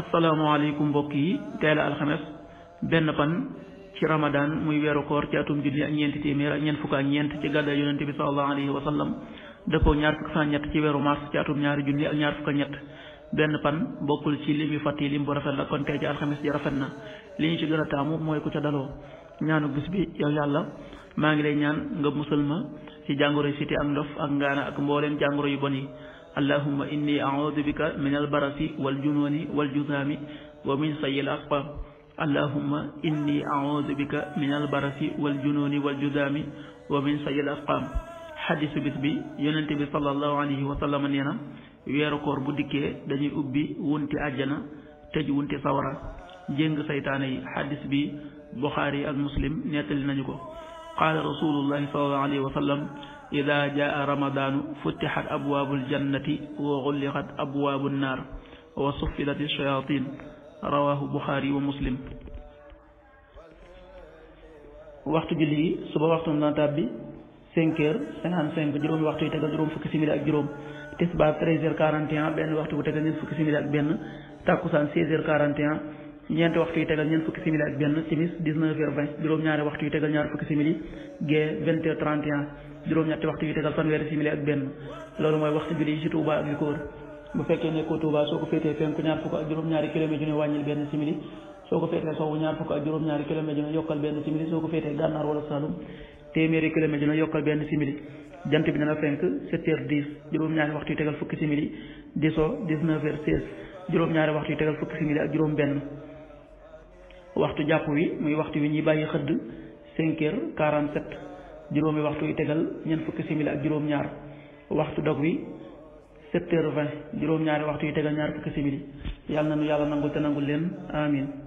asalaamaaleykum mbokk yi tey la alxames benn fan ci ramadan muy weeru koor ci atum a ak ñeenti téeméer ak ñeent fukk a ñeent ci gàddaay yonente bi salallahu alayhi wa sallam dëppoo ñaar weeru mars ci atum ñaari junni ak ñaar fukk ak ñett benn fan bokkul ci lim yu fàtt yi lim bu rafet la kon tey ci alxames ji rafet na li ñu ci gën a taamu mooy ku ca daloo ñaanu bis bi yow yàlla maa ngi lay ñaan nga musal ma ci jàngoro siti ak ndof ak ngaana ak mbooleem jàngoro yu bon yi allahumma inni a'uudu bika min albarasi waljunuuni waljuzaami wa min sayyil aqbaam allahumma inni a'uudu bika min albarasi waljunuuni waljuzaami wa min sayyil aqbaam xadisu bis bi yonente bi sallallahu alayhi wa sallam nee na bu dikkee dañuy ubbi wunti àjjana tëj wunti sawara jéng saytaane yi xadis bi buxaari ak nettali nañu ko qaala rasulullahi sallallahu alayhi wa sallam ida jaa ramadaanu futixat abwaabu aljannati wa xulliqat abwaabu nnaar wa suffidat ash-shayaatiin rawaahu buxaari wa muslim waxtu julli yi suba waxtu na tàbbi cinq heures cinquante cinq juróomi waxtu yi tegal juróom fukki simili ak juróom tisbaar treize heures quarante et un benn waxtu bu tegal ñeent fukki simili ak benn takkusaan seize heures quarante et un ñeenti waxtu yu tegal ñeent fukki simili ak benn timis 19 heures 20 juróom-ñaari waxtu yu tegal ñaar fukki simili gee 20 heures 31 juróom-ñetti waxtu yu tegal fanweeri simili ak benn loolu mooy waxtu ñaar fukk ak juróom-ñaari kilomètre yu ne wàññil benn simili soo ko féetee sowwu ñaar jant bi dana fenk 7 heures 10 juróom-ñaari waxtu yu tegal fukki simili di so 19 heures 16 juróom-ñaari waxtu yu tegal fukki simili ak juróom benn waxtu jàpp wi muy waxtu wi ñuy bàyyi xëdd cinq heures quarante sept juróomi waxtu yu tegal ñeent fukki simili ak juróom-ñaar waxtu dog wi sept heures vingt juróom-ñaari waxtu yu tegal ñaar fukki simili yàlla na nu yàlla nangu te nangu leen amin